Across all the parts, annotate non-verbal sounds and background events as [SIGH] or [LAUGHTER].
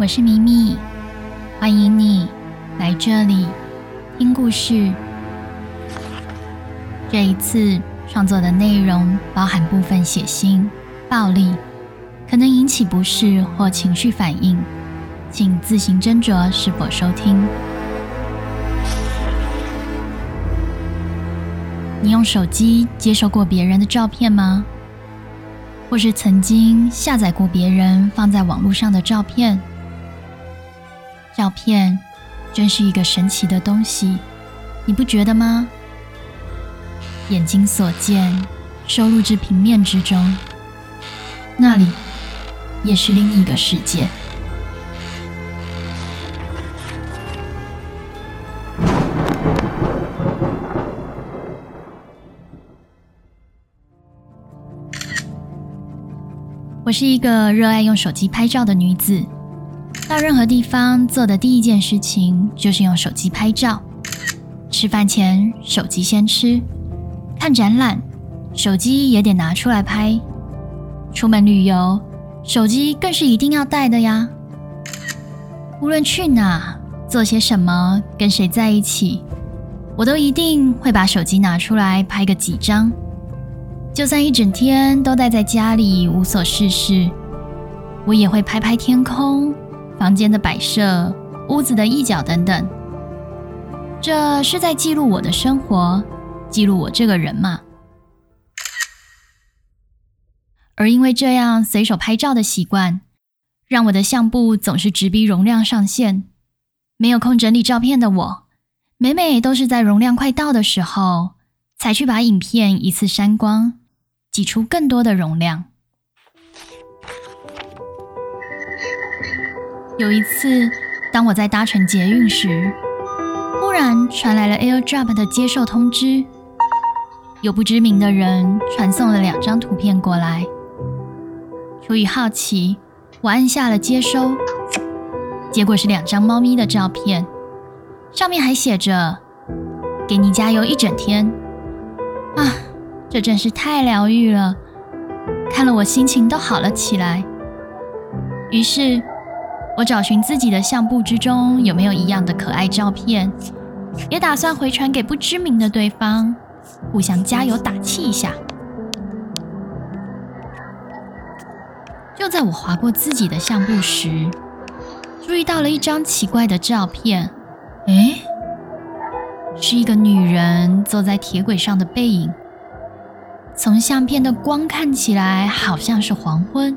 我是咪咪，歡迎你來這裡聽故事。這一次創作的內容包含部分血腥、暴力，可能引起不適或情緒反應，請自行斟酌是否收聽。你用手機接收過別人的照片嗎？或是曾經下載過別人放在網路上的照片？照片真是一個神奇的東西，你不覺得嗎？眼睛所見，收錄至平面之中，那裡也是另一個世界。我是一個熱愛用手機拍照的女子。到任何地方做的第一件事情就是用手機拍照。吃飯前，手機先吃；看展覽，手機也得拿出來拍；出門旅遊，手機更是一定要帶的呀。無論去哪、做些什麼、跟誰在一起，我都一定會把手機拿出來拍個幾張。就算一整天都待在家裡無所事事，我也會拍拍天空。房間的擺設、屋子的一角等等，這是在記錄我的生活，記錄我這個人嘛。而因為這樣隨手拍照的習慣，讓我的相簿總是直逼容量上限。沒有空整理照片的我，每每都是在容量快到的時候，才去把影片一次刪光，擠出更多的容量。有一次，當我在搭乘捷運時，忽然傳來了 AirDrop 的接受通知，有不知名的人傳送了兩張圖片過來。出於好奇，我按下了接收，結果是兩張貓咪的照片，上面還寫着“給你加油一整天”。啊，這真是太療癒了，看得我心情都好了起來。於是。我找尋自己的相簿之中有沒有一樣的可愛照片，也打算回傳給不知名的對方，互相加油打氣一下。就在我劃過自己的相簿時，注意到了一張奇怪的照片。哎、欸，是一個女人坐在鐵軌上的背影。從相片的光看起來，好像是黃昏。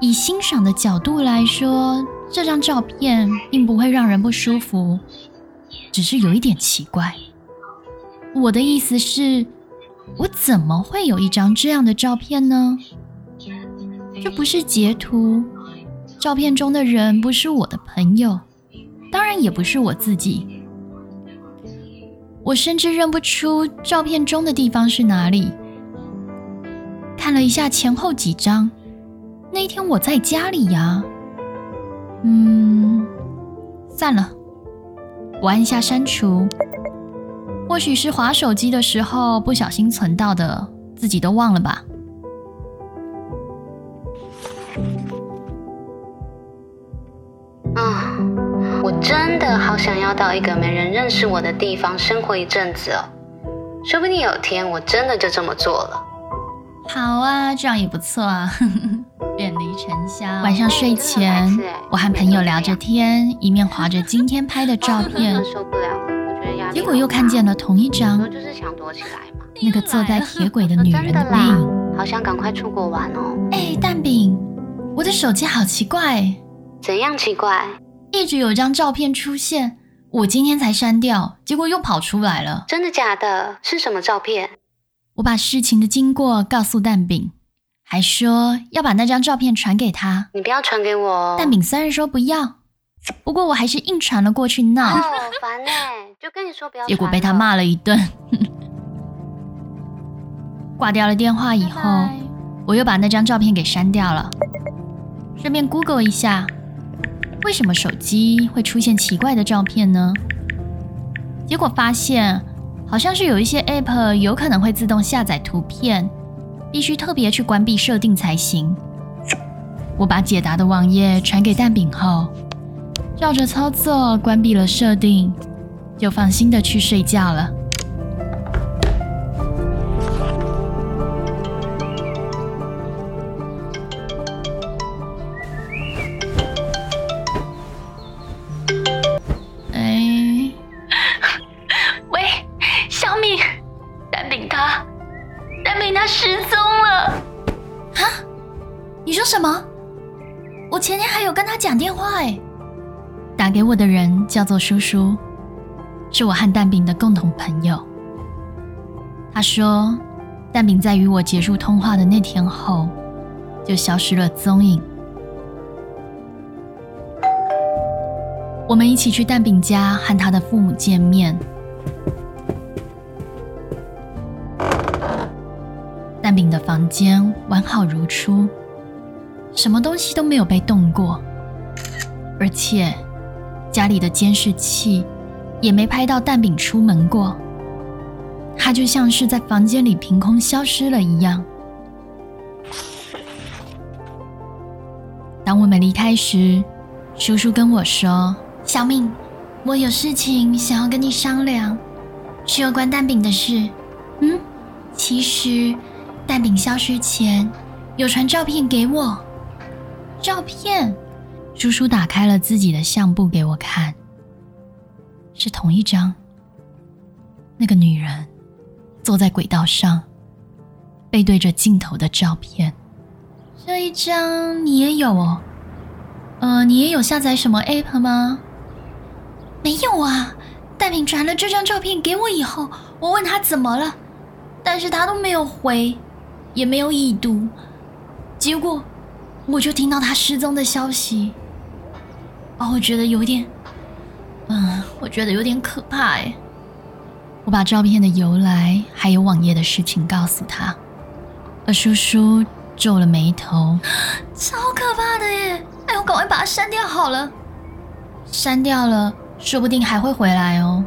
以欣賞的角度來說，這張照片並不會讓人不舒服，只是有一點奇怪。我的意思是，我怎麼會有一張這樣的照片呢？這不是截圖，照片中的人不是我的朋友，當然也不是我自己。我甚至認不出照片中的地方是哪裡。看了一下前後幾張。那一天我在家裡呀，嗯，算了，我按一下刪除。或許是滑手機的時候不小心存到的，自己都忘了吧。啊，我真的好想要到一個沒人認識我的地方生活一陣子哦，說不定有天我真的就這麼做了。好啊，這樣也不錯啊。 [LAUGHS] 遠離塵囂。晚上睡前、欸，我和朋友聊着天，一面滑着今天拍的照片。 [LAUGHS] 真的受不了了，我覺得壓力太大了。結果又看見了同一張，就是想躲起來嘛。那個坐在鐵軌的女人的。真的啦，好想趕快出國玩哦。哎、欸，蛋餅，我的手機好奇怪，怎樣奇怪？一直有一張照片出現，我今天才刪掉，結果又跑出來了。真的假的？是什麼照片？我把事情的經過告訴蛋餅。還說要把那張照片傳給他，你不要傳給我哦。但餅三人說不要，不過我還是硬傳了過去，鬧。好、哦、煩吶、欸，就跟你說不要。結果被他罵了一頓。 [LAUGHS] 掛掉了電話以後 bye bye，我又把那張照片給刪掉了，順便 Google 一下，為什麼手機會出現奇怪的照片呢？結果發現，好像是有一些 App 有可能會自動下載圖片。必須特別去關閉設定才行。我把解答的網頁傳給蛋餅後，照着操作關閉了設定，就放心的去睡覺了。給我的人叫做叔叔，是我和蛋餅的共同朋友。他說，蛋餅在與我結束通話的那天後，就消失了蹤影。我們一起去蛋餅家和他的父母見面。蛋餅的房間完好如初，什麼東西都沒有被動過，而且。家裡的監視器也沒拍到蛋餅出門過，它就像是在房間裡憑空消失了一樣。當我們離開時，叔叔跟我說：“小敏，我有事情想要跟你商量，是有關蛋餅的事。”嗯，其實蛋餅消失前有傳照片給我。照片？叔叔打開了自己的相簿給我看，是同一張，那個女人坐在軌道上，背對着鏡頭的照片。這一張你也有哦？呃，你也有下載什麼 app 嗎？沒有啊。但你傳了這張照片給我以後，我問他怎麼了，但是他都沒有回，也沒有已讀，結果我就聽到他失蹤的消息。哦，我覺得有點，嗯，我覺得有點可怕誒。我把照片的由來，還有網頁的事情告訴他，而叔叔皺了眉頭，超可怕的耶！哎呦，我趕快把它刪掉好了。刪掉了，說不定還會回來哦。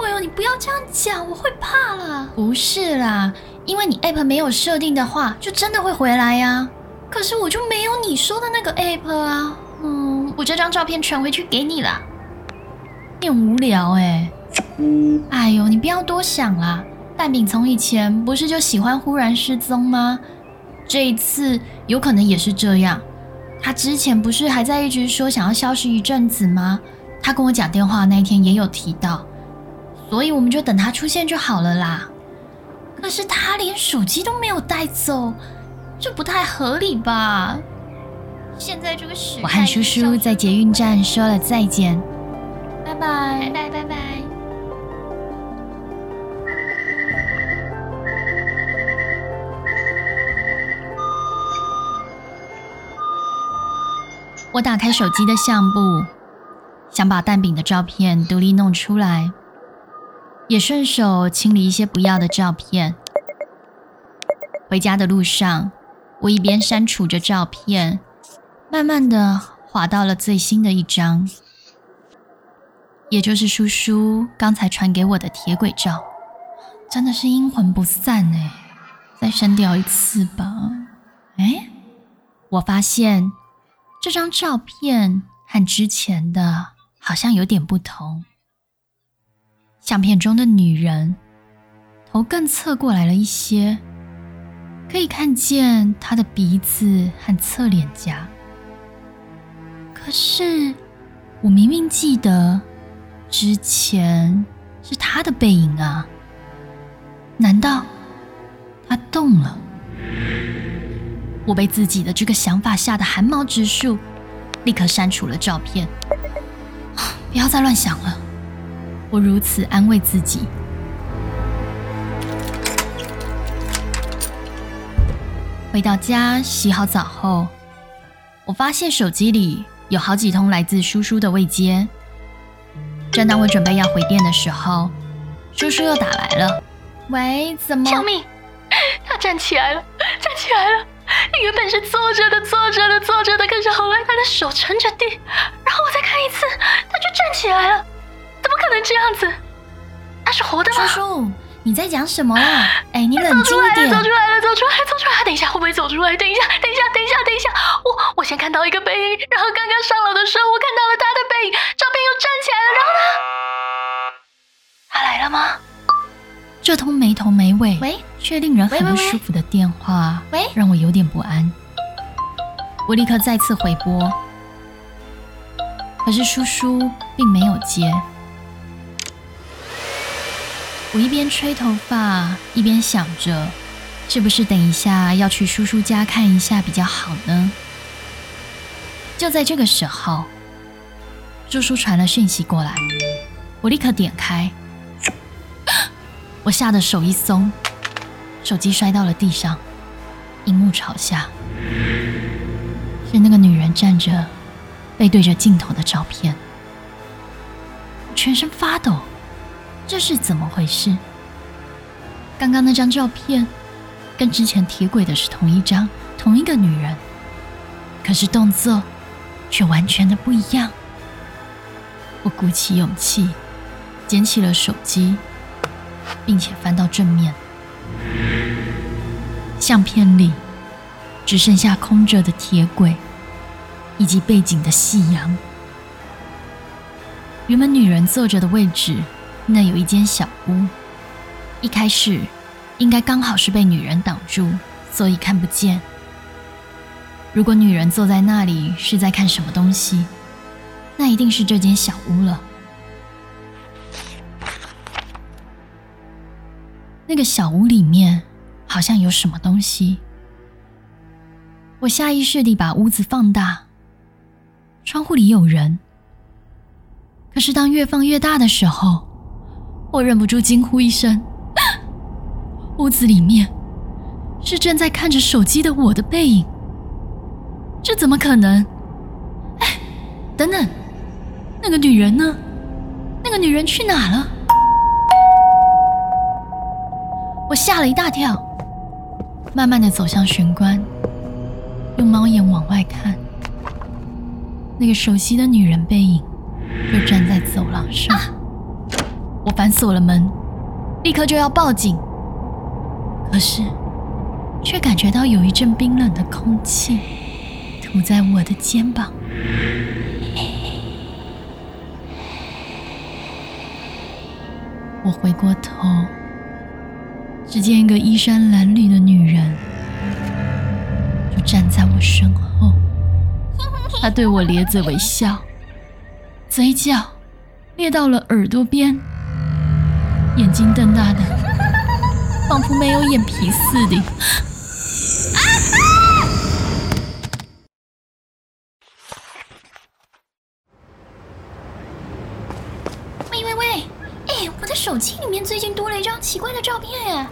哎呦，你不要這樣講，我會怕啦。不是啦，因為你 app 沒有設定的話，就真的會回來呀，啊。可是我就沒有你說的那個 app 啊。我這張照片傳回去給你了，有點無聊哎。哎呦，你不要多想啦。蛋餅從以前不是就喜歡忽然失蹤嗎？這一次有可能也是這樣。他之前不是還在一直說想要消失一陣子嗎？他跟我講電話那天也有提到，所以我們就等他出現就好了啦。可是他連手機都沒有帶走，這不太合理吧？現在我和叔叔在捷運站說了再見，拜拜，拜拜拜拜。我打開手機的相簿，想把蛋餅的照片獨立弄出來，也順手清理一些不要的照片。回家的路上，我一邊刪除着照片。慢慢的滑到了最新的一張，也就是叔叔剛才傳給我的鐵軌照，真的是陰魂不散哎、欸，再刪掉一次吧。哎，我發現這張照片和之前的好像有點不同。相片中的女人頭更側過來了一些，可以看見她的鼻子和側臉頰。可是，我明明記得之前是他的背影啊！難道他動了？我被自己的這個想法嚇得寒毛直豎，立刻刪除了照片。不要再亂想了，我如此安慰自己。回到家，洗好澡後，我發現手機裡，有好幾通來自叔叔的未接。正當我準備要回電的時候，叔叔又打來了。喂，怎麼？救命！他站起來了，站起來了！他原本是坐着的，坐着的，坐着的，可是後來他的手撐着地，然後我再看一次，他就站起來了。怎麼可能這樣子？他是活的嗎？叔叔。你在講什麼啊？哎、欸，你冷靜點。走出來，走出來了，走出來了，走出來。等一下，會不會走出來？等一下，等一下，等一下，等一下。我，我先看到一個背影，然後剛剛上樓的時候，我看到了他的背影，照片又站起來了，然後呢？他來了嗎？這通沒頭沒尾、喂卻令人很不舒服的電話喂喂，讓我有點不安。我立刻再次回撥，可是叔叔並沒有接。我一邊吹頭髮，一邊想着，是不是等一下要去叔叔家看一下比較好呢？就在這個時候，叔叔傳了訊息過來，我立刻點開，我嚇得手一鬆，手機摔到了地上，熒幕朝下，是那個女人站着背對着鏡頭的照片，全身發抖。這是怎麼回事？剛剛那張照片跟之前鐵軌的是同一張，同一個女人，可是動作卻完全的不一樣。我鼓起勇氣，撿起了手機，並且翻到正面，相片裡只剩下空着的鐵軌以及背景的夕陽。原本女人坐着的位置。那有一間小屋，一開始應該剛好是被女人擋住，所以看不見。如果女人坐在那裡是在看什麼東西，那一定是這間小屋了。那個小屋裡面好像有什麼東西，我下意識地把屋子放大，窗戶裡有人。可是當越放越大的時候，我忍不住驚呼一聲，屋子裡面是正在看着手機的我的背影，這怎麼可能？哎，等等，那個女人呢？那個女人去哪了？我嚇了一大跳，慢慢的走向玄關，用貓眼往外看，那個熟悉的女人背影就站在走廊上。啊我反鎖了門，立刻就要報警，可是卻感覺到有一陣冰冷的空氣吐在我的肩膀。我回過頭，只見一個衣衫襤褸的女人就站在我身後，她對我咧嘴微笑， [LAUGHS] 嘴角裂到了耳朵邊。眼睛瞪大的，仿佛沒有眼皮似的。喂、啊、喂、啊、喂！哎、欸，我的手機裡面最近多了一張奇怪的照片呀？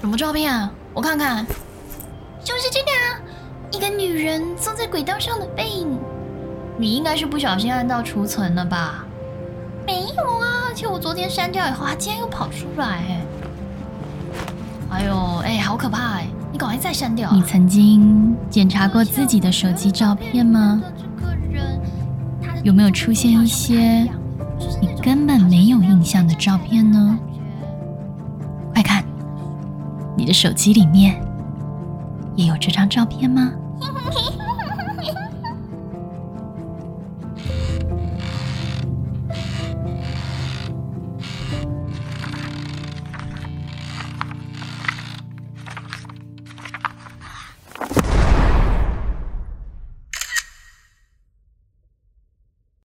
什麼照片啊？我看看，就是這個啊，一個女人坐在軌道上的背影。你應該是不小心按到儲存了吧？沒有啊！而且我昨天刪掉以後，它竟然又跑出來、欸。哎呦，哎，好可怕、欸！哎，你趕快再刪掉、啊。你曾經檢查過自己的手機照片嗎？有沒有出現一些你根本沒有印象的照片呢？嗯片呢嗯、快看，你的手機裡面也有這張照片嗎？ [LAUGHS]